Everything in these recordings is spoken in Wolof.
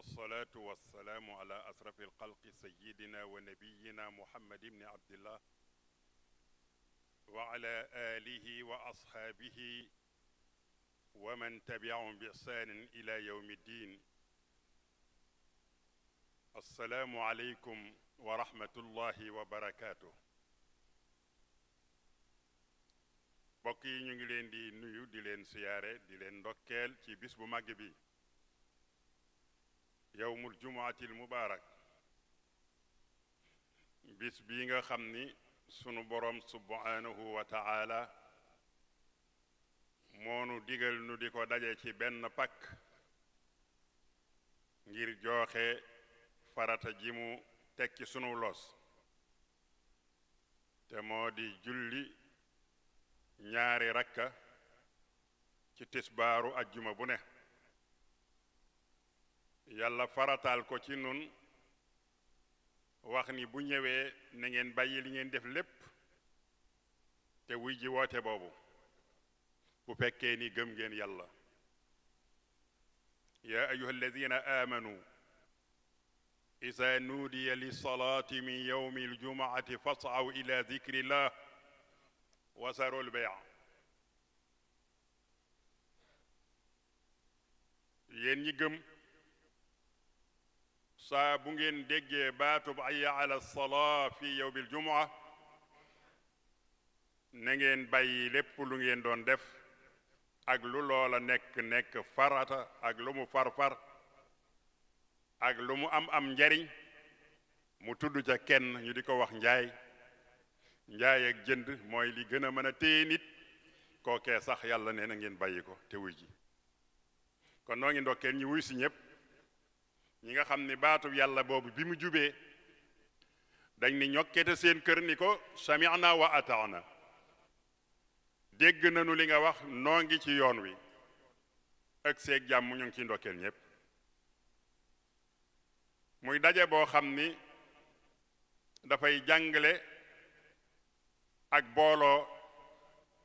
alsalatu wassalaamu ala asrafi alxalqi sayidina wa nabiyina muhammad ibni abdillah wa ala alihi wa ashaabihi wa man tabiahum bi ihsaanin ila yowmi ddin assalaamu aleykum wa rahmatullahi wa barakaatu mbokk yi ñu ngi leen di nuyu di leen siyaare di leen ndokkeel ci bis bu màgg bi yowmul jumaatil mubaarak bis bii nga xam ni sunu borom subhaanahu wa taala moonu digal nu di ko daje ci benn pakk ngir jooxe farata ji mu tekki sunu los te moo di julli ñaari rakka ci tisbaaru ajjuma bu ne yàlla faratal ko ci nun wax ni bu ñëwee na ngeen bàyyi li ngeen def lépp te wuy ji woote boobu bu fekkee ni gëm ngeen yàlla yaa ayuha alladina aamanu isaa nuudiya li salaati min yowmi aljumaati fascaw ila dikrillah wasaru lbeyc yéen ñi gëm saa bu ngeen déggee ay ayya ala salaa fi yowmil jumaa na ngeen bàyyi lépp lu ngeen doon def ak lu loola nekk nekk farata ak lu mu farfar ak lu mu am am njariñ mu tudd ca kenn ñu di ko wax njaay njaay ak jënd mooy li gën a mën a téye nit kookee sax yàlla ne na ngeen bàyyi ko te wuy ji kon noo ngi ndokkeen ñi wuy si ñëpp ñi nga xam ni baatu yàlla boobu bi mu jubee dañ ni ñokkete seen kër ni ko sami'na wa ata'na dégg nañu li nga wax noo ngi ci yoon wi ak seeg jàmm ñoo ngi ciy ndokkeel ñépp muy daje boo xam ni dafay jàngale ak booloo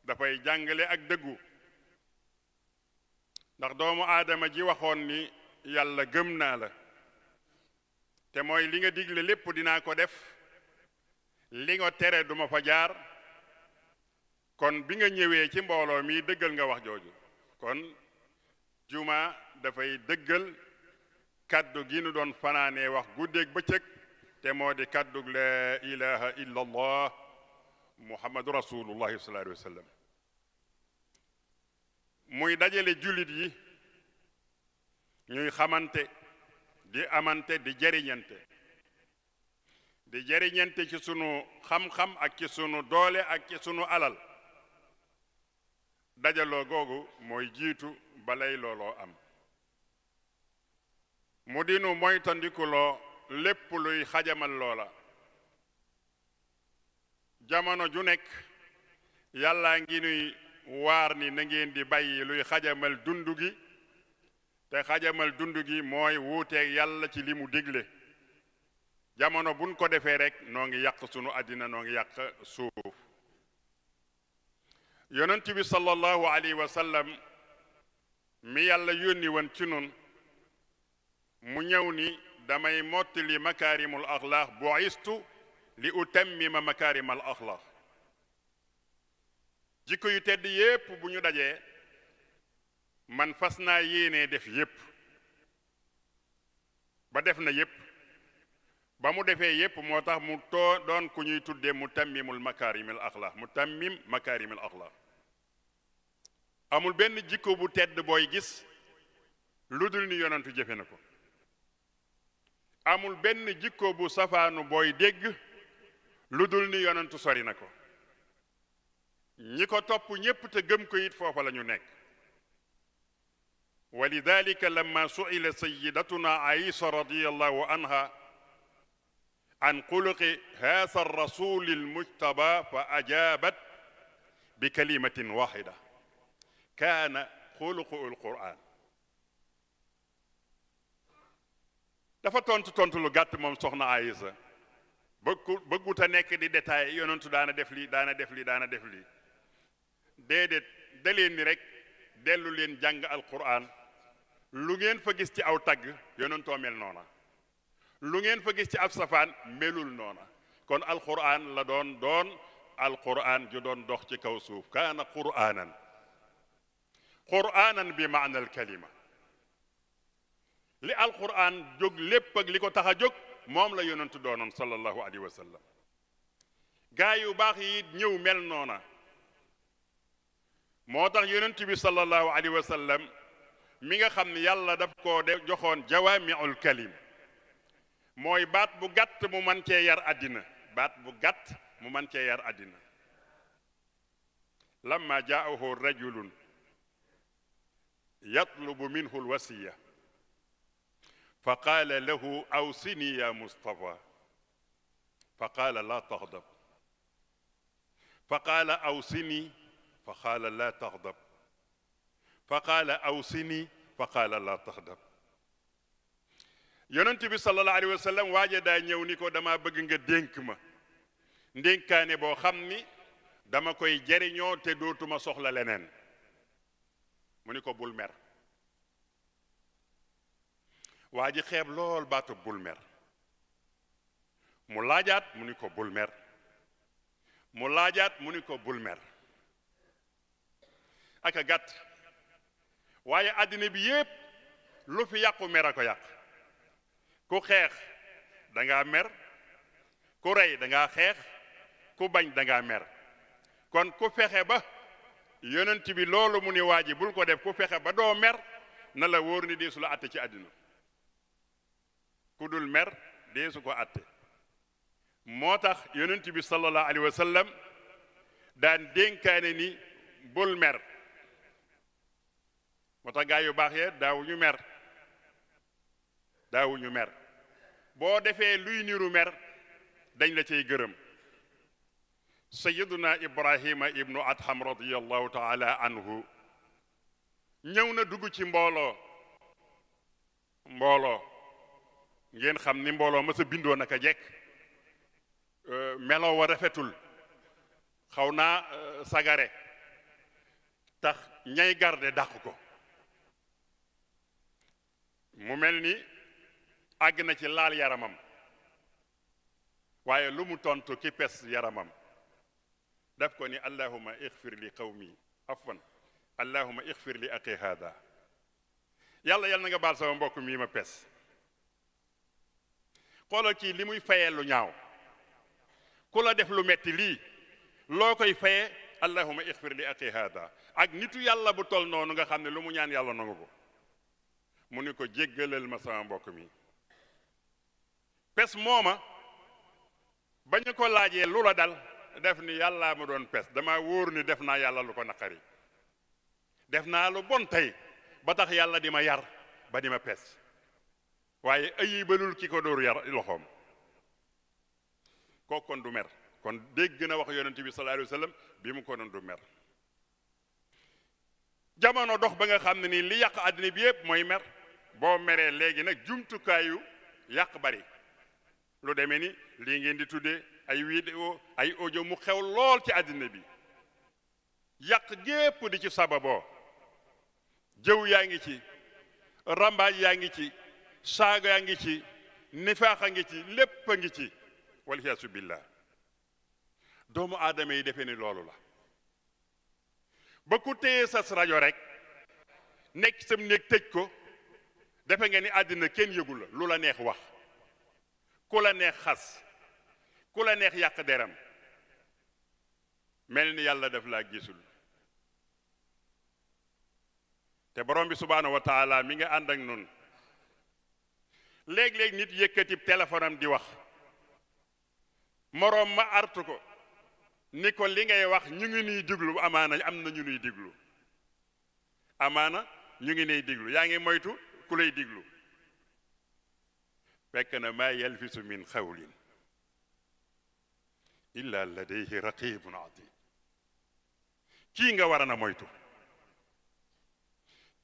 dafay jàngale ak dëggu ndax doomu aadama ji waxoon ni yàlla gëm naa la te mooy li nga digle lépp dinaa ko def li nga tere duma fa jaar kon bi nga ñëwee ci mbooloo mi dëggal nga wax jooju kon juma dafay dëggal kaddu gi nu doon fanaanee wax guddeeg bëccëg te moo di kaddug la ilaha illa allah muhammadu rasulullahi wa sallam muy dajale jullit yi ñuy xamante di amante di jariñante di jariñante ci sunu xam-xam ak ci sunu doole ak ci sunu alal dajaloo googu mooy jiitu balay looloo am mu dinu moytandikuloo lépp luy xajamal loola jamono ju nekk yàllaa ngi nuy waar ni na ngeen di bàyyi luy xajamal dund gi te xajamal dund gi mooy wuuteeg yàlla ci li mu digle jamono buñ ko defee rek noo ngi yàq sunu àddina noo ngi yàq suuf yonent sallallahu alayhi wa mi yàlla yónni woon ci nun mu ñëw ni damay mottali makaarimul axlaaq bu'istu li utammima makaarimal axlaaq jikko yu tedd yépp bu ñu dajee man fas naa yéenee def yépp ba def na yépp ba mu defee yépp moo tax mu too doon ku ñuy tudde mu tammimul makaarimil axlaax mu tammim makaarimil axlaax amul benn jikko bu tedd booy gis lu dul ni yonantu jëfe na ko amul benn jikko bu safaanu booy dégg lu dul ni yonantu sori na ko ñi ko topp ñépp te gëm ko it foofa la ñu nekk ولذلك لما سئل سيدتنا عائشة رضي الله عنها عن خلق هذا الرسول المجتبى فأجابت بكلمة واحدة كان خلق القرآن dafa tontu tontu lu gàtt moom soxna Ayisa bëggu bëggut a nekk di détail yonentu daana def lii daana def lii daana def lii déedéet da leen ni rek dellu leen jàng alquran lu ngeen fa gis ci aw tagg yonentoo mel noona lu ngeen fa gis ci ab safaan melul noona kon alquran la doon doon alquran ju doon dox ci kaw suuf kaana quraanan quraanan bi maana al kalima li alquran jóg lépp ak li ko tax a jóg moom la yonentu doonoon sallallahu alayhi wa sallam baax yi ñëw mel noona moo tax yonent bi sallallahu alayhi wa mi nga xam ne yàlla daf koo de joxoon jawaamiul kalim mooy baat bu gàtt mu man cee yar àddina baat bu gàtt mu man cee yar àddina lamma jaahu rajulun yatlubu minhu lwasiya fa qaala lahu awsini ya mustafa fa qaala laa taxdab fa qaala awsini fa qaala laa taxdab fa qaala awsini fa qaala laa taxdam yonent bi sallallahu alayhi wa sallam daa ñëw ni ko dama bëgg nga dénk ma ndénkaane boo xam ni dama koy jariñoo te dootuma soxla leneen mu ni ko bulmer waa ji xeeb lool baatu bul mu laajaat mu ni ko bul mu laajaat mu ni ko bul mer aka gàtt waaye àddina bi yépp lu fi yàqu mer ko yàq ku xeex da ngaa mer ku rey da xeex ku bañ da ngaa mer kon ku fexe ba yonent bi loolu mu ni waa ji bul ko def ku fexe ba doo mer na la wóor ni deesu la àtte ci àddina ku dul mer deesu ko àtte moo tax yonent bi sallallahu alayhi wa sallam daan dénkaane ni bul mer moo tax gaa yu baax yee daawuñu mer daawuñu mer boo defee luy niru mer dañ la cay gërëm sayiduna ibrahima ibnu adham radiallahu taala anhu ñëw na dugg ci mbooloo mbooloo ngeen xam ni mbooloo ma sa bindoo a jekk euh, meloo wa rafetul xaw naa euh, sagare tax ñay garde dàq ko mu mel ni àgg na ci laal yaramam waaye lu mu tontu ki pes yaramam daf ko ni allahuma ixfir li qawmi afwan allahuma ixfir li aqi haada yàlla yal na nga baal sama mbokk mii ma pes xoolal kii li muy fayee lu ñaaw ku la def lu metti lii loo koy fayee allahuma ixfir li aqi haada ak nitu yàlla bu tol noonu nga xam ne lu mu ñaan yàlla nangu ko mu ni ko jéggalal ma sama mbokk mi pes mooma ba ñu ko laajee lu la dal def ni yàllaa ma doon pes dama wóor ni def naa yàlla lu ko naqari def naa lu bon tey ba tax yàlla di ma yar ba di ma pes waaye ayibalul ki ko door yar loxoom koo kon du mer kon dégg na wax yonent bi sallallahu alayhi bi mu ko doon du mer jamono dox ba nga xam ne nii li yàq àddina bi yëpp mooy mer boo meree léegi nag jumtukaayu yàq bari lu demee ni lii ngeen di tuddee ay vidéo ay ojo mu xew lool ci àddina bi yàq gépp di ci sababoo jëw yaa ngi ci rambaaj yaa ngi ci saaga yaa ngi ci nifaax a ngi ci lépp a ngi ci walxiyaasu billah doomu aadama yi defe ni loolu la ba ku téye sas rajo rek nekk sam néeg tëj ko defe nga ni àddina kenn yëgu la lu la neex wax ku la neex xas ku la neex yàq deram mel ni yàlla def laa gisul te borom bi subhaanahu wa taala mi nga ànd ak nun léeg-léeg nit yëkkati téléphone di wax moroom ma artu ko ni ko li ngay wax ñu ngi nuy diglu amaana am na ñu nuy diglu amaana ñu ngi nuy diglu yaa ngi moytu ku lay diglu fekk na maa yalfisu min xawlin illa ladayhi raqibun atid kii nga war a na moytu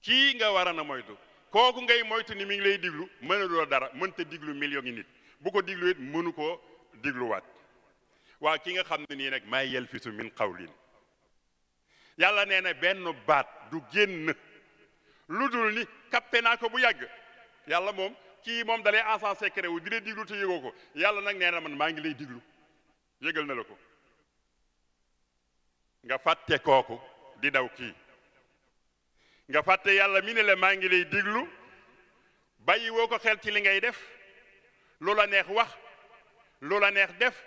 kii nga war a na moytu kooku ngay moytu ni mi ngi lay diglu mënuloo dara mënta diglu million yi nit bu ko diglu it mënu koo digluwaat waa ki nga xam nii nag maa yelfisu min qawlin yàlla nee na benn baat du génn lu dul ni kappe naa ko bu yàgg yàlla moom kii moom dalee encan secret wu di lay diglu te yëgoo ko yàlla nag nee na man maa ngi lay diglu yëgal na la ko nga fàtte kooku di daw kii nga fàtte yàlla mi ne la maa ngi lay diglu bàyyi woo ko xel ci li ngay def lu la neex wax lu la neex def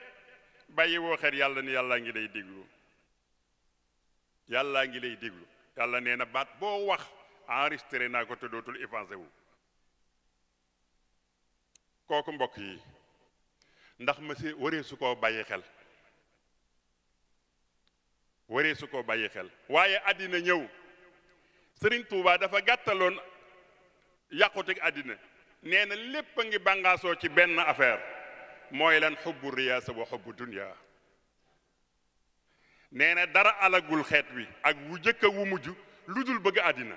bàyyi woo xel yàlla ni yàlla ngi lay diglu yàlla ngi lay diglu yàlla nee na baat boo wax enregistré naa ko te dootul effacé wu kooku mbokk yi ndax monsieur waree su koo bàyyi xel waree su koo bàyyi xel waaye àddina ñëw Sëriñ Tuubaa dafa gàttaloon yàqutik àddina nee na lépp a ngi bàngaasoo ci benn affaire mooy lan xubbu riyaasa wa xubbu dunya nee dara alagul xeet wi ak wu jëkk wu mujj lu dul bëgg àddina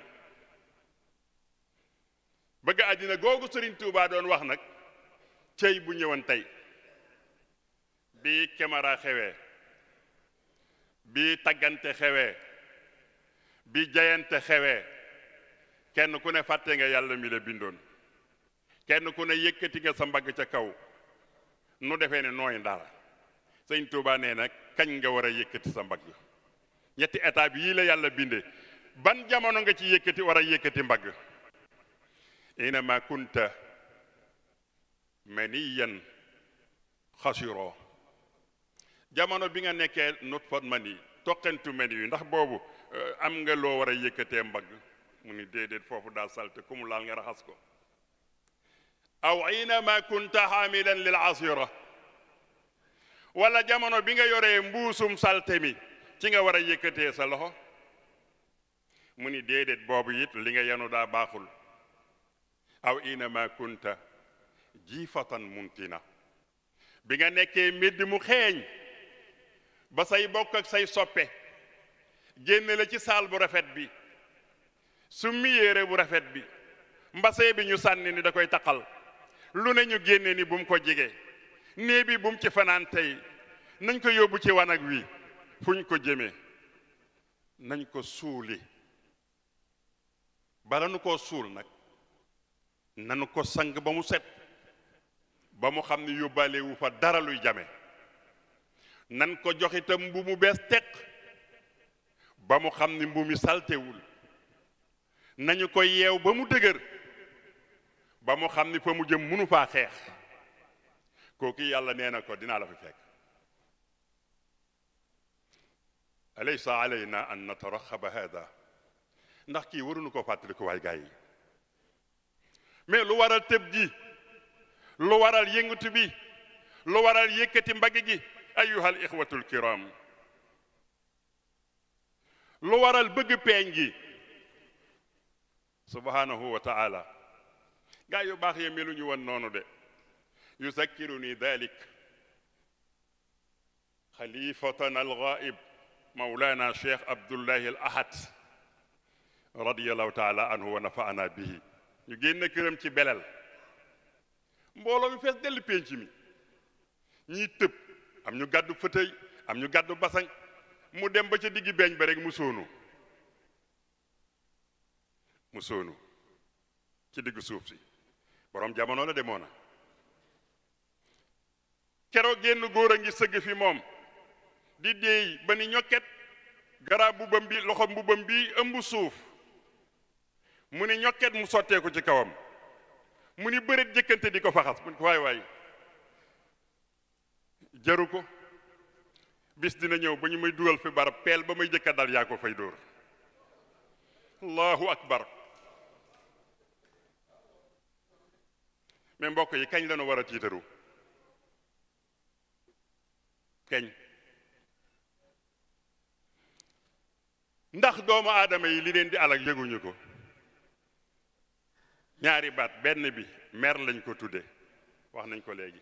bëgg àddina googu sëriñ Touba doon wax nag cëy bu ñëwoon tey bii caméra xewee bii taggante xewee bi jayante xewee kenn ku ne fàtte nga yàlla mi la bindoon kenn ku ne yëkkati nga sa mbagg ca kaw nu defee ne nooy dara sëñ Touba nee nag kañ nga war a yëkkati sa mbagg ñetti étape yii la yàlla binde ban jamono nga ci yëkkati war a yëkkati mbagg inama kunta maniyan xasiroo jamono bi nga nekkee nutfat mani toqantu mani ndax boobu am nga loo war a yëkkatee mbagg mu ni déedéet foofu daa salte ku mu laal nga raxas ko aw inama kunta xaamilan lil asira wala jamono bi nga yoree mbuusum salte mi ci nga war a yëkkatee sa loxo mu ni déedéet boobu it li nga yenu daa baaxul aw inama kunta jiifatan na bi nga nekkee mbedd mu xeeñ ba say bokk ak say soppe génne la ci saal bu rafet bi summi yéere bu rafet bi mbase bi ñu sànni ni da koy taqal lu ne ñu génne ni bu mu ko jege nee bu mu ci fanaan tey nañ ko yóbbu ci wanag wi ñu ko jëmee nañ ko suuli bala nu koo suul nag nanu ko sang ba mu set ba mu xam ne yóbbaale fa dara luy jame nan ko jox itam bu mu bees teq ba mu xam ni mbu mi saltewul nañu ko yeew ba mu dëgër ba mu xam ni fa mu jëm munu faa xeex kooku yàlla nee na ko dinaa la fi fekk alaysa alayna an nataraxaba hada ndax kii waruñu ko fàttali ko yi mais lu waral tëb gi lu waral yëngatu bi lu waral yëkkati mbagg gi ayyuhal ixwatul kiram lu waral bëgg peeñ gi subhanahu wa taala gaa yu baax ye meluñu woon noonu de yuzakkiruni dalik xalifatana algaib mawlana cheikh abdullahi al ahad radiallahu taala anhu wa nafaana bihi ñu génn këram ci belal mbooloo mu fees dellu pénc mi ñiy tëb am ñu gàddu fëtëy am ñu gàddu basañ mu dem ba ca diggi beeñ ba rek mu sóonu mu sóonu ci diggu suuf si boroom jamono la demoon na keroog génn góor a ngi sëgg fi moom di déey ba ni ñokket garab mbubbam bi loxo mbubbam bi ëmb suuf mu ne ñokket mu sotteeku ci kawam mu ni bëreet jëkkante di ko faxas mu ko waay waay jaru ko bis dina ñëw ba ñu may dugal fi barab peel ba may jëkka dal yaa ko fay dóor allahu akbar mais mbokk yi kañ la ñu war a tiitaru kañ ndax doomu aadama yi li leen di alak yéguñu ko ñaari baat benn bi mer lañ ko tudde wax nañ ko léegi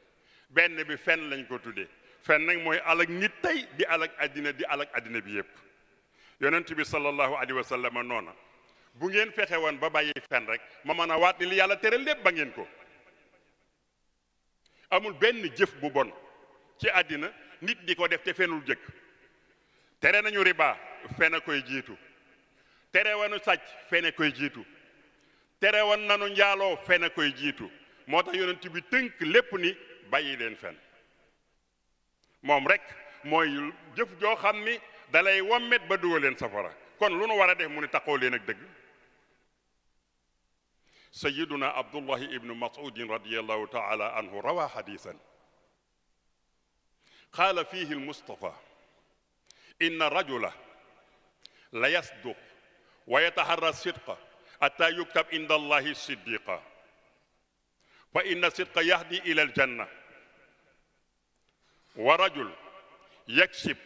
benn bi fen lañ ko tudde fen nag mooy alak nit tey di alak àddina di alak àddina bi yépp yonent bi sallallahu alayhi wa sallam noona bu ngeen fexe woon ba bàyyi fen rek ma mën a wat ni li yàlla tere lépp ba ngeen ko amul benn jëf bu bon ci àddina nit di ko def te fenul jëkk tere nañu riba fen koy jiitu tere wanu sàcc fen koy jiitu tere woon nanu njaaloo fen a koy jiitu moo tax yonent bi tënk lépp ni bàyyi leen fen moom rek mooy jëf joo xam ni dalay wommet ba dugal leen safara kon lu nu war a def mu ni taxoo leen ak dëgg sayiduna abdullahi ibnu masudin radiallahu taala anhu rawa xadisan qaala fihi almustafa inna rajula la yasduq wa yataharra sidqa حتى يكتب عند الله صديقا فإن الصدق يهدي إلى الجنة ورجل يكسب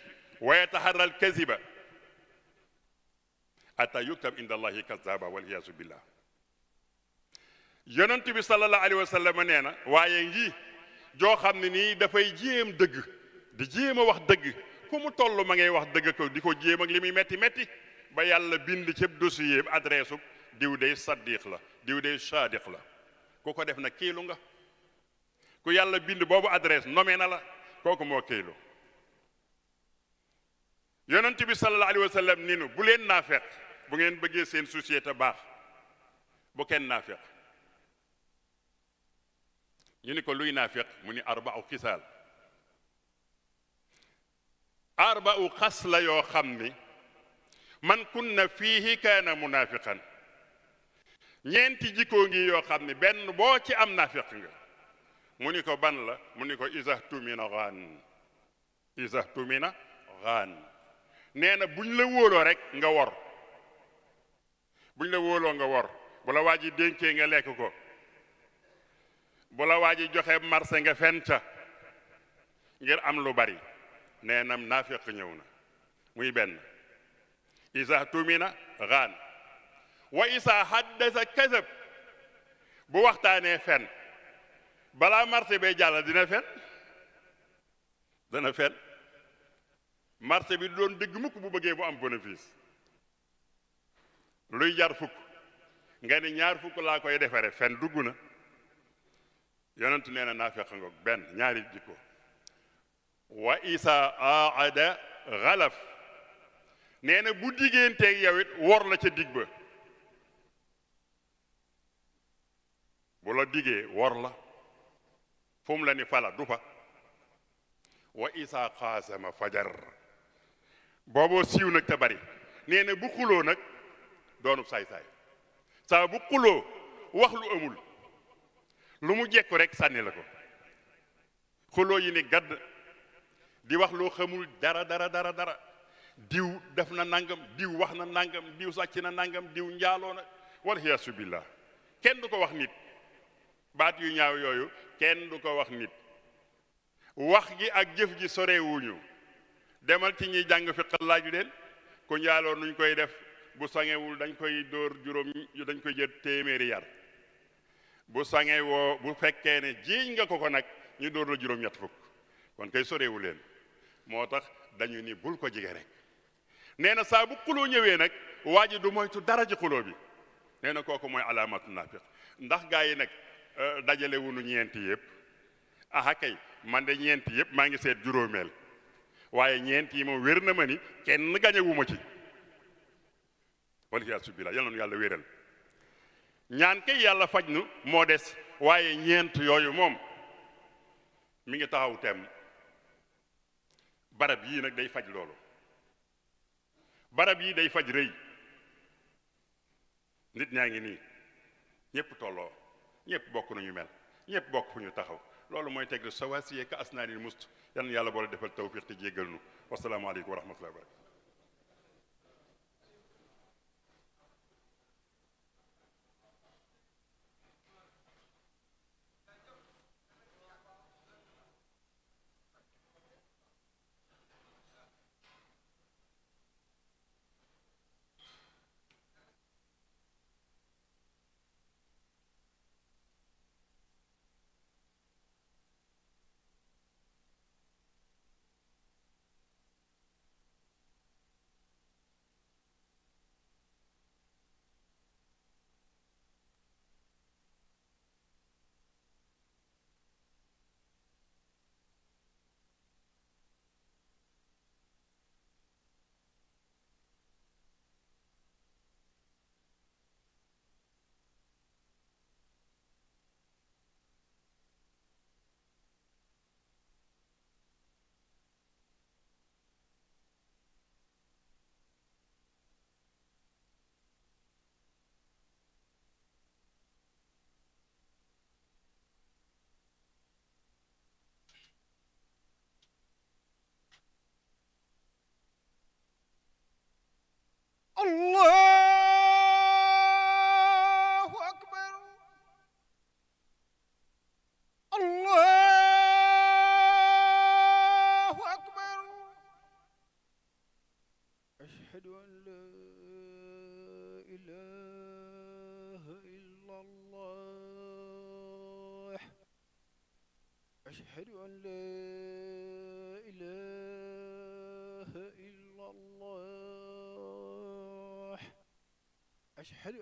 ويتحرى الكذب حتى يكتب عند الله كذابا والعياذ بالله yonent bi sallallahu alayhi wa sallam nee na waaye ngi joo xam ne nii dafay jéem dëgg di jéem a wax dëgg ku mu toll ma ngay wax dëgg ko di ko jéem ak li muy metti metti ba yàlla bind ci dossier adresse diw day saddiq la diw day saadiq la ku ko def na kiilu nga ku yàlla bind boobu adresse nommé na la kooku moo kiilu yonent bi sallallahu alayhi wa ni nu bu leen naafeq bu ngeen bëggee seen société baax bu kenn naafeq ñu ni ko luy naafeq mu ni arba'u xisaal arba'u xas la yoo xam ni man na fiihi kaana munaafiqan ñeenti jikkoo ngi yoo xam ne benn boo ci am nafiq nga mu ni ko ban la mu ni ko isa tumina xaan isa tumina xaan nee na buñ la wóoloo rek nga wor buñ la wóoloo nga wor bu la waa ji dénkee nga lekk ko bu la waa ji joxe marse nga fen ca ngir am lu bari neenam na nafiq ñëw na muy benn isa tumina xaan wa isa haddasa kasab bu waxtaanee fen balaa marché be jàll dina fen dana fen marché bi doon dëgg mukk bu bëggee bu am bénéfice luy jar fukk nga ni ñaar fukk laa koy defare fen dugg na yonentu nee na naafeq ngoog benn ñaari jikko wa isa aada xalaf nee na bu digganteeg yow it wor la ca dig ba bu la digee wor la fu mu la ni fala du fa wa isa xaasama fajar boobu siiw nag te bari nee na bu xuloo nag doonub saay-saay saa bu xuloo wax lu amul lu mu jekku rek sànni la ko xuloo yi ni gadd di wax loo xamul dara dara diw def na nangam diw wax na nangam diw sàcc na nangam diw njaaloo na wal xiyaasu billah kenn du ko wax nit baat yu ñaaw yooyu kenn du ko wax nit wax gi ak jëf ji sorewuñu demal ci ñuy jàng fiqa laaj leen ku njaaloo nuñ koy def bu sangewul dañ koy dóor juróom dañ koy jël téeméeri yar bu sangewoo bu fekkee ne jiiñ nga ko nag ñu dóor la juróom fukk kon koy sorewu leen moo tax dañu ni bul ko jige rek nee na saa bu xuloo ñëwee nag waa ji du moytu dara ci xuloo bi nee na kooku mooy alaamatu naafiq ndax gaa yi nag Euh, dajale wunu ñeenti yëpp aha kay man de ñeenti yëpp maa ngi seet juróomeel waaye ñeent yi moom wér na ma ni kenn gañewuma ci wala yàlla subila yal na yàlla wéral ñaan kay yàlla faj nu moo des waaye ñeent yooyu moom mu ngi taxaw tem barab yii nag day faj loolu barab yii day faj rëy nit ñaa ngi nii ñépp tolloo ñëpp bokk nañu mel ñëpp bokk fu ñu taxaw loolu mooy teg de yee ka asnaanil must yan yàlla boole defal tawfiq te jéggal nu wasalaamualeykum wa rahmatullahi wa barakatu الله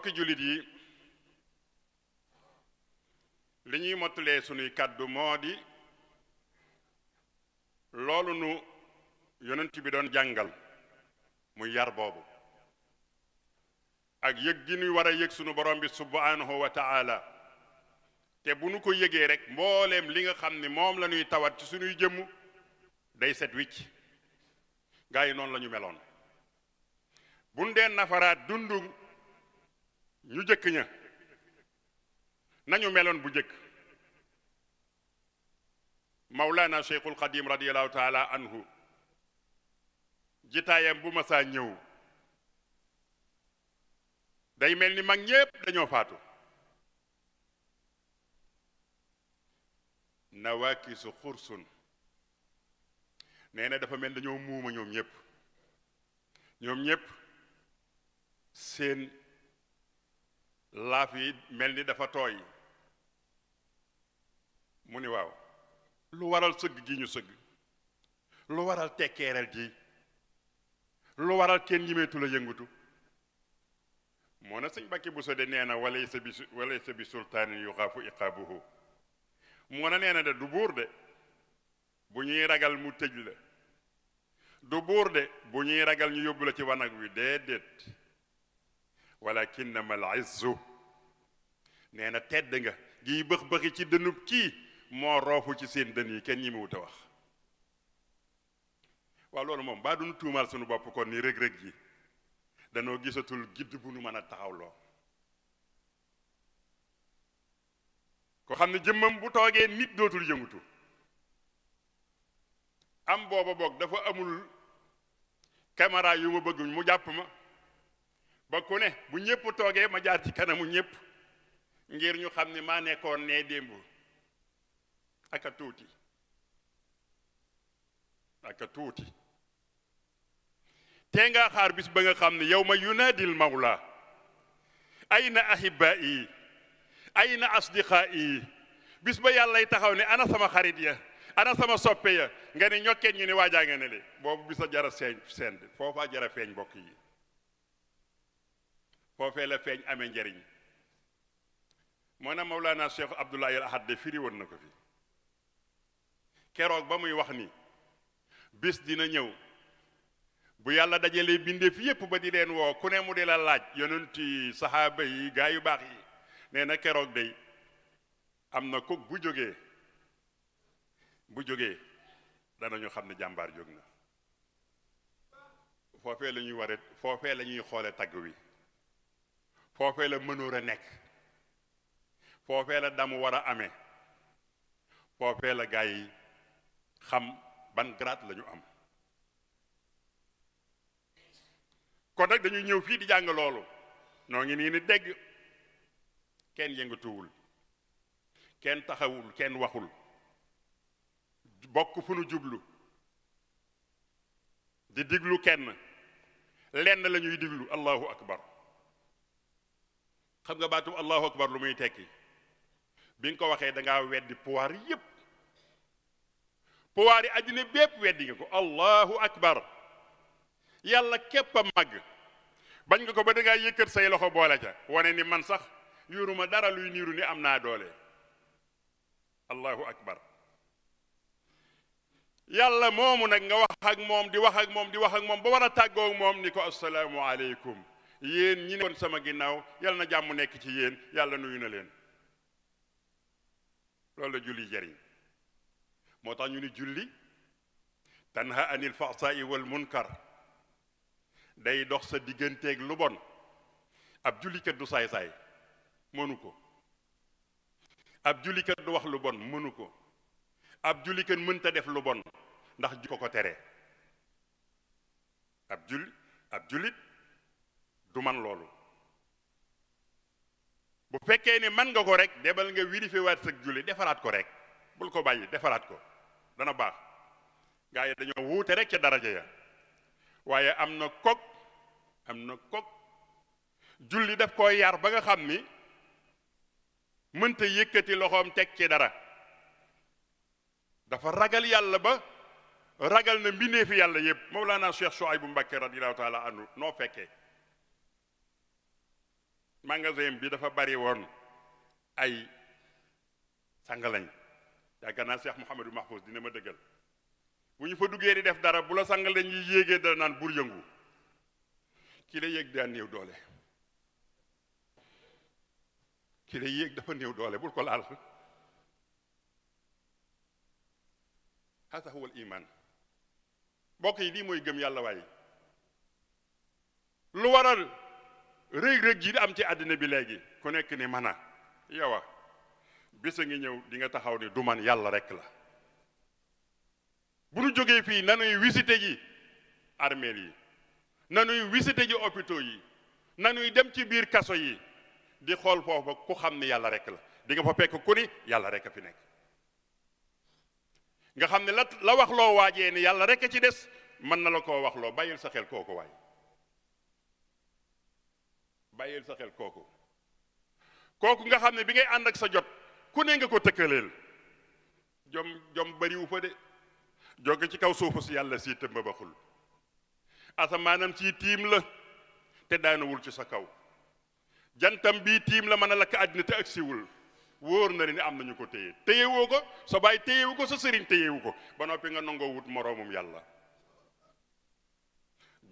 mbokki jullit yi li ñuy mottulee sunuy kàddu moo di loolu nu yonent bi doon jàngal mu yar boobu ak yëg gi nuy war a yëg sunu borom bi subhanahu wa ta'ala te bu nu ko yëgee rek mbooleem li nga xam ni moom la ñuy tawat ci sunuy jëmm day set wicc gaa yi noonu la ñu meloon bundee nafaraat dundu ñu jëkk ña nañu meloon bu jëkk mawlana cheikhul xadim radiallahu taala anhu jitaayam bu masaa ñëw day mel ni mag ñépp dañoo faatu nawaakisu xursun nee na dafa mel dañoo muuma ñoom ñépp ñoom ñépp seen laaf yi mel ni dafa tooy mu ni waaw lu waral sëgg gi ñu sëgg lu waral tekkeeral ji lu waral kenn ñimeetu la yëngutu moo na sëñ bakki bu so de nee na walaysa bi walaysa bi sultaanin yuxaafu iqaabuhu moo na nee de du buur de bu ñuy ragal mu tëj la du buur de bu ñuy ragal ñu yóbbu la ci wanag wi déedéet walakinama al izzu nee na tedd nga giy bëx-bëxi ci dënub kii moo roofu ci seen dën yi kenn ñi mu wut wax waaw loolu moom baa duñu tuumaal suñu bopp kon ni rëg-rëg yi danoo gisatul gidd bu nu mën a taxaw taxawloo ko xam ne jëmmam bu toogee nit dootul yëngutu am booba boog dafa amul caméra yu ma bëgg mu jàpp ma bokk ne bu ñëpp toogee ma jaar ci kanamu ñëpp ngir ñu xam ni maa nekkoon nee démb aka tuuti aka tuuti te nga xaar bis ba nga xam ne yow ma yu naa yunaadil mawla ay ahibaa'i ayna asdiqaa'i bis ba yàllay taxaw ne ana sama xarit ya ana sama soppe ya nga ne ñokkeen ñu ne waajaa nga ne le boobu a jara seen seen foofa jara feeñ mbokk yi foofee la feeñ amee njariñ moo na Mawlana Cheikh Abdoulaye Al Ahad de firi woon na ko fi keroog ba muy wax ni bis dina ñëw bu yàlla dajalee bindee fi yépp ba di leen woo ku ne mu di la laaj yonent yi saxaaba yi gaa yu baax yi nee na keroog day am na ko bu jógee bu jógee ñu xam ne jàmbaar jóg na foofee la ñuy waree foofee la ñuy xoole tagg wi foofee la mënoor a nekk foofee la damu war a ame foofee la gaa yi xam ban grade lañu am kon nag dañuy ñëw fii di jàng loolu noo ngi nii ni dégg kenn yëngatuwul kenn taxawul kenn waxul bokk fu nu jublu di diglu kenn lenn lañuy ñuy diglu allahu akbar xam nga baatum allahu akbar lu muy tekki bi nga ko waxee da ngaa weddi pouvoir yépp pouvoir yi àddina bépp weddi nga ko allahu akbar yàlla képp a màgg bañ nga ko ba da ngaa say loxo boole ca wane ni man sax yuruma dara luy niiru ni am naa doole allahu akbar yàlla moomu nag nga wax ak moom di wax ak moom di wax ak moom ba war a tàggoo moom ni ko asalaamu aleykum yéen ñi nekkoon sama ginnaaw yal na jàmm nekk ci yéen yàlla nuyu na leen loolu la julli jariñ moo tax ñu ni julli tanha anil fahsaai wal munkar day dox sa digganteeg lu bon ab jullikat du saay-saay mënu ko ab jullikat du wax lu bon mënu ko ab jullikat mënta def lu bon ndax ju ko ko tere ab julli ab jullit du man loolu bu fekkee ne man nga ko rek debal nga wiri fi waat julli defaraat ko rek bul ko bàyyi defaraat ko dana baax gaa yi dañoo wuute rek ca daraja ya waaye am na kog am na kog julli daf koo yar ba nga xam ni mënta yëkkati loxoom teg ci dara dafa ragal yàlla ba ragal na mbindeefi yàlla yépp Mawlana Cheikh bu Mbacké radiyallahu taala anhu noo fekkee magasin bi dafa bari woon ay sangalañ yaakaar naa Cheikh Mouhamadou Mahfouz dina ma dëggal bu ñu fa duggee di def dara bu la sangalañ yi yéegee dara naan bur yëngu ki la yéeg daa doole ki la yéeg dafa néew doole bul ko laal hasa huwa al iman mbokk yi lii mooy gëm yàlla waaye lu waral rëg-rëg ji di am ci àddina bi léegi ku nekk ni mana yowa bés a ngi ñëw di nga taxaw ni du man yàlla rek la bu nu jógee fii nanuy visité ji armeel yi nanuy visité ji hôpitaux yi na nanuy dem ci biir kaso yi di xool foofa ku xam ni yàlla rek la di nga fa fekk ku ni yàlla rek a fi nekk nga xam ne la la wax loo waajee ni yàlla rek a ci des mën na la koo wax loo bàyyil sa xel kooku waay bàyyil sa xel kooku kooku nga xam ne bi ngay ànd ak sa jot ku ne nga ko tëkkaleel jom jom bariwu fa de joge ci kaw suufu si yàlla si tëmba baxul asamaanam ci tiim la te daanawul ci sa kaw jantam bii tiim la mën a lakk àddina te agsiwul wóor na ni am nañu ko téye téyewu ko sa baay téyewu ko sa sëriñ téyewu ko ba noppi nga nangoo wut moroomum yàlla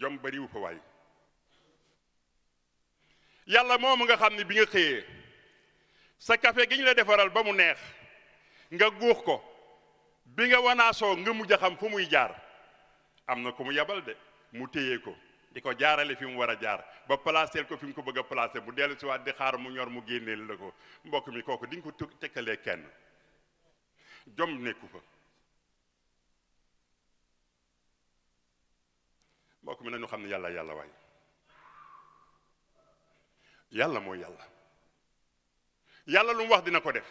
jom bariwu fa waay yàlla moomu nga xam ni bi nga xëyee sa kafe gi ñu la defaral ba mu neex nga guux ko bi nga wanaasoo nga mujj a xam fu muy jaar am na ku mu yabal de mu téye ko di ko jaarale fi mu war a jaar ba placer ko fi mu ko bëgg a placer bu dellu si waat di xaar mu ñor mu génneel la ko mbokk mi kooku di ko ko tekkalee kenn jom nekku fa mbokk mi nañu xam ne yàlla yàlla waay yàlla mooy yàlla yàlla lu mu wax dina ko def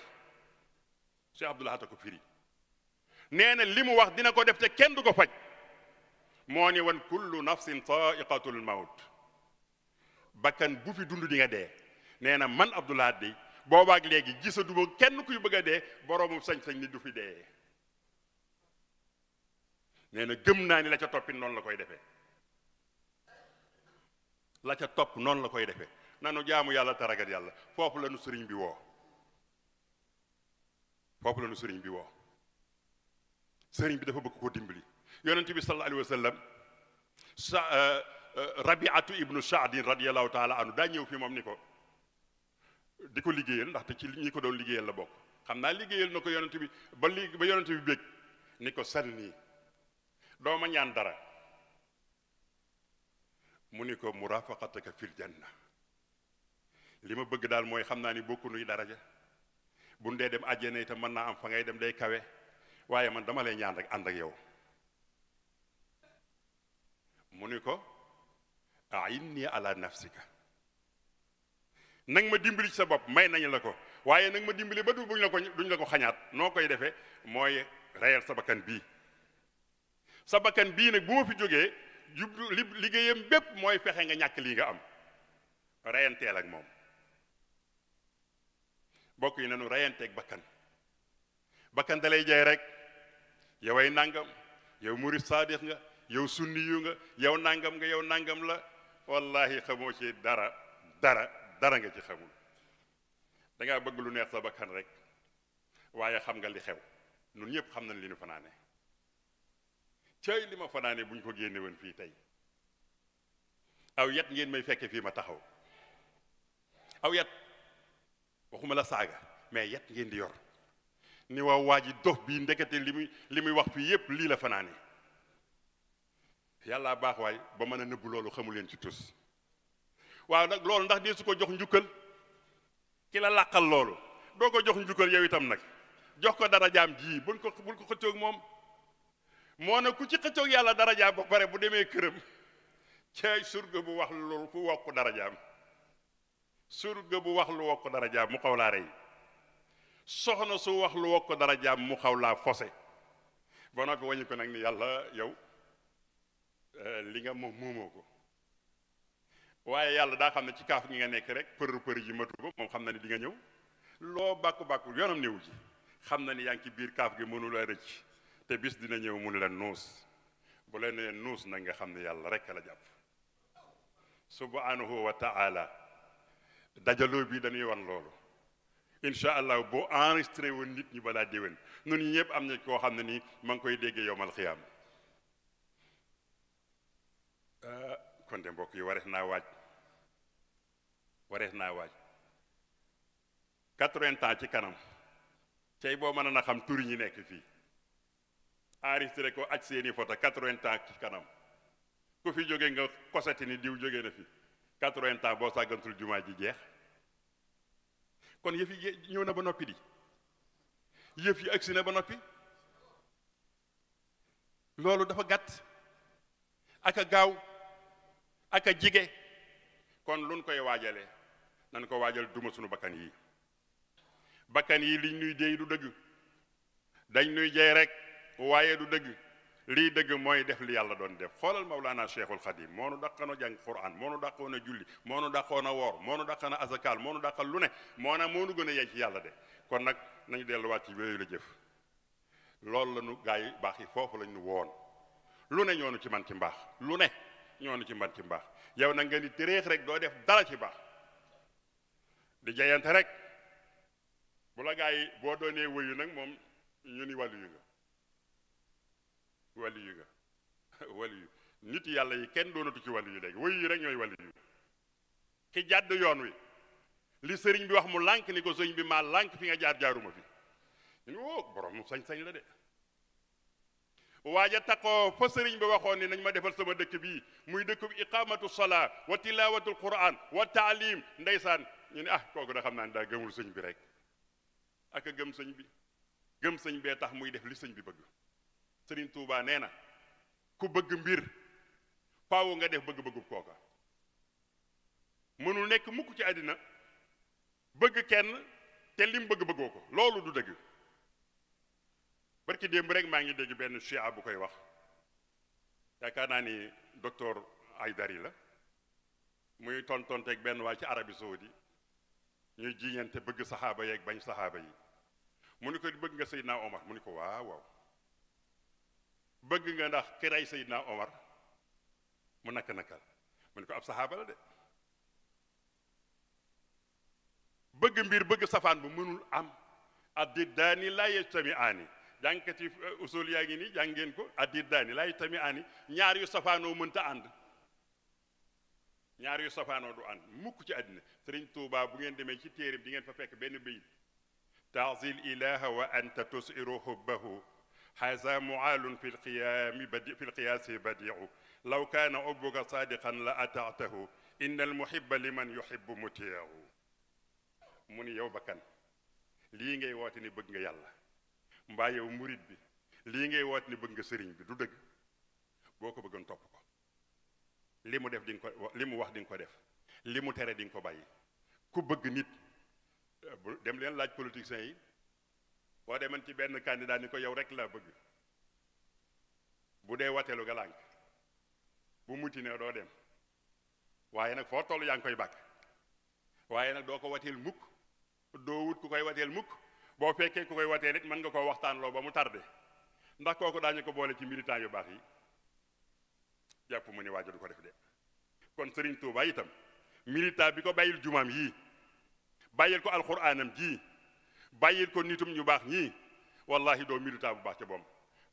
Cheikh Abdou ko firi nee na li mu wax dina ko def te kenn du ko faj moo ni wan kullu nafsin taiqatul mawt bakkan bu fi dund dinga dee nee na man Abdou Lahad di boobaak léegi gisatuma kenn kuy bëgg a dee boroomu sañ-sañ ni du fi dee nee na gëm naa ni la ca toppit noonu la koy defee la ca topp noonu la koy defee nanu jaamu yàlla taragat yàlla foofu la nu bi woo foofu la nu sëriñ bi woo sëriñ bi dafa bëgg ko dimbali yonent bi sallallahu alayhi wa sallam sa euh, euh, rabiatu ibnu saadin radiallahu taala anhu daa ñëw fi moom ni ko di ko liggéeyal ndaxte ci ñi ko doon liggéeyal la bokk xam naa liggéeyal na ko yonent bi ba li ba yonent bi bég ni ko sànni dooma ñaan dara mu ni ko murafaqataka fil janna li ma bëgg daal mooy xam naa ni bokkunuy daraja bu dee dem àjjana itam mën naa am fa ngay dem day kawe waaye man dama lay ñaan rek ànd ak yow mu ni ko a'inni ala nafsika nag ma dimbali ci sa bopp may nañu la ko waaye nag ma dimbali ba du buñ la ko duñ la ko xañaat noo koy defee mooy reyal sa bakkan bii sa bakkan bii nag bu ma fi jógee jublu li bépp mooy fexe nga ñàkk lii nga am reyanteel ak moom bokk yi nanu reyanteeg bakkan bakkan da lay jay rek yoway nangam yow murid saadix nga yow sunni yu nga yow nangam nga yow nangam la wallahi xamoo ci dara dara dara nga ci xamul da bëgg lu neex sa bakkan rek waaye xam nga li xew ñun ñëpp xam nañ li ñu fanaane cay li ma fanaane bu ñu ko génne woon fii tey aw yat ngeen may fekke fii ma taxaw aw yat waxuma la saaga mais yet ngeen di yor ni waa waa ji dof bii ndekete li muy li muy wax fii yépp lii la fanaane yàlla baax waay ba mën a nëbbu loolu xamu leen ci tus waaw nag loolu ndax dee su ko jox njukkal ki la làqal loolu doo ko jox njukkal yow itam nag jox ko darajaam ji bul ko bul ko xëccoog moom moo ne ku ci xëccoog yàlla darajaam ba pare bu demee këram cay surga bu wax loolu fu wax ko darajaam surga bu wax lu wokk dara jaam mu xaw laa rey soxna su wax lu wokk dara jaam mu xaw laa fose ba noppi wañu ko nag ni yàlla yow euh, li nga moom moomoo ko waaye yàlla daa xam ne ci kaaf gi nga nekk rek për për ji matu ko moom xam na ni di nga ñëw loo bàkku bàkku yoonam néew ji xam na ni yaa ngi ci biir kaaf gi mënu rëcc te bis dina ñëw mu mënu leen nuus bu leen nee nuus nag nga xam ne yàlla rek la jàpp subhanahu wa taala dajaloo bii dañuy wan loolu incha allah boo enregistré woon nit ñi balaa déwén nun ñëpp am na koo xam ne nii ma ngi koy déggee yowmal xiyaam ah, kon mbokk yi warees naa waaj warees naa waaj quatre-vingts ci kanam tey boo mën na xam tur ñi nekk fii enregistré ko ak seeni photo quatre-vingts ci kanam ku fi jógee nga kosati ni diw jóge na fi quatre-vingts boo sàggantul jumaa ji jeex kon yëf yi ñëw na ba noppi di yëf yi agsi na ba noppi loolu dafa gàtt ak a gaaw ak a jige kon luñ koy waajale nan ko waajal duma sunu bakkan yi bakkan yi liñ nuy déy du dëgg dañ nuy jey rek waaye du dëgg lii dëgg mooy def li yàlla doon def xoolal Mawlana Cheikhul Khadim moo nu dàqoon a jàng Qur'an moo nu dàqoon a julli moo nu dàqoon a woor moo nu dàqoon a azakal moo nu dàqal lu ne moo na moo nu gën a yey ci yàlla de kon nag nañu delluwaat ci yooyu la jëf loolu la nu gaa baax yi foofu lañ nu woon lu ne ñoonu ci man ci mbaax lu ne ñoonu ci man ci mbaax yow nag nga ni téréex rek doo def dara ci baax di jayante rek bu la gaa yi boo doonee wëyu nag moom ñu wali nga wali nit yàlla yi kenn doonatu ci wali yu léegi wali yu rek ñooy wali ki jàdd yoon wi li sëriñ bi wax mu lànk ni ko sëñ bi maa lànk fi nga jaar jaaruma fi ñu woo oh, borom sañ-sañ la de waaja taqoo fa sëriñ bi waxoon ni nañ ma defal sama dëkk bii muy dëkk bi iqamatu salaa wa tilawatul quran wa taalim ndeysaan ñu ne ah kooku da xam naa ne daa gëmul sëñ bi rek ak gëm sëñ bi gëm sëñ bee tax muy def li sëñ bi bëgg sëriñ Touba nee na ku bëgg mbir faaw nga def bëgg-bëggub kooka mënul nekk mukk ci àddina bëgg kenn te lim bëgg bëggoo ko loolu du dëgg barki démb rek maa ngi dégg benn chia bu koy wax yaakaar naa ni ay Aydari la muy tontonteeg benn waa ci Arabie Saoudi ñuy te bëgg saxaaba yeeg bañ saxaaba yi mu ni ko bëgg nga Seydina Omar mu ni ko waaw waaw bëgg nga ndax ki rey Seydina mu nakk nakal mu ne ko ab saxaaba de bëgg mbir bëgg safaan bu mënul am addi daani laa yajtami aani jàngkat yi euh, usul yaa ngi nii jàngeen ko addi daani laa yajtami aani ñaar yu safaanoo mënta ànd ñaar yu safaanoo du ànd mukk ci àddina sëriñ Tuubaa bu ngeen demee ci téeréb di ngeen fa fekk benn bayit taazil ilaha wa anta tusiru hubbahu هذا معال في القيام بدي في القياس بديع لو كان أبك صادقا لأتعته إن المحب لمن يحب مطيع mu ni yow bakkan lii ngay woote ni bëgg nga yàlla mbaa yow murit bi lii ngay woote ni bëgg nga sëriñ bi du dëgg boo ko bëggoon topp ko li mu def di nga ko li mu wax di nga ko def li mu tere di nga ko bàyyi ku bëgg nit dem leen laaj politiciens yi boo demoon ci benn candidat ni ko yow rek laa bëgg bu dee watelu nga lànk bu muti ne doo dem waaye nag foo toll yaa ngi koy bàkk waaye nag doo ko wateel mukk doo wut ku koy wateel mukk boo fekkee ku koy wateel it mën nga koo waxtaanloo ba mu tardé ndax kooku daañu ko boole ci militant yu baax yi jàpp mu ne waaju du ko def de kon Serigne Touba itam militant bi ko bàyyil jumaam yii bàyyil ko alxuraanam jii bàyyil ko nitum ñu baax ñii wallahi doo militan bu baax ca boom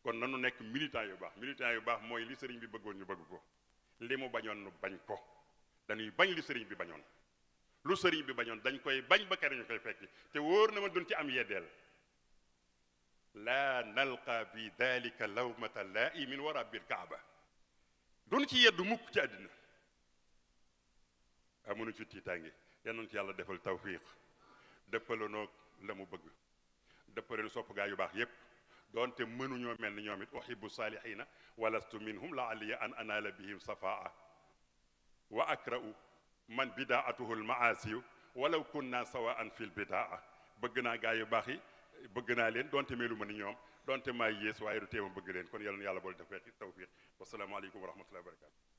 kon nanu nekk militant yu baax militant yu baax mooy li sëriñ bi bëggoon ñu bëgg ko li mu bañoon nu bañ ko dañuy bañ li sëriñ bi bañoon lu sëriñ bi bañoon dañ koy bañ ba kere koy fekki te wóor na ma dun ci am yeddeel laa nalqa bi dalika lawmata laimin wa rabbil kaaba dun ci yeddu mukk ci àddina amunu ci tiitaange yal nañu ci yàlla defal tawfiq dëppalonoog la mu bëgg dëppaleen sopp gaa yu baax yépp doonte mënuñoo mel ni ñoom it uhibbu saalihiina walastu minhum la aliya an anaala bihim safaa wa akra'u man bidaatuhu lmaasiyu walaw kunna sawaan fi lbidaa bëgg naa gaa yu baax yi bëgg naa leen doonte melu ma ni ñoom doonte maa yées waaye du teema bëgg leen kon yàlla na yàlla boole defee tawfiq wasalaamaaleykum wa rahmatullahi wa barakatu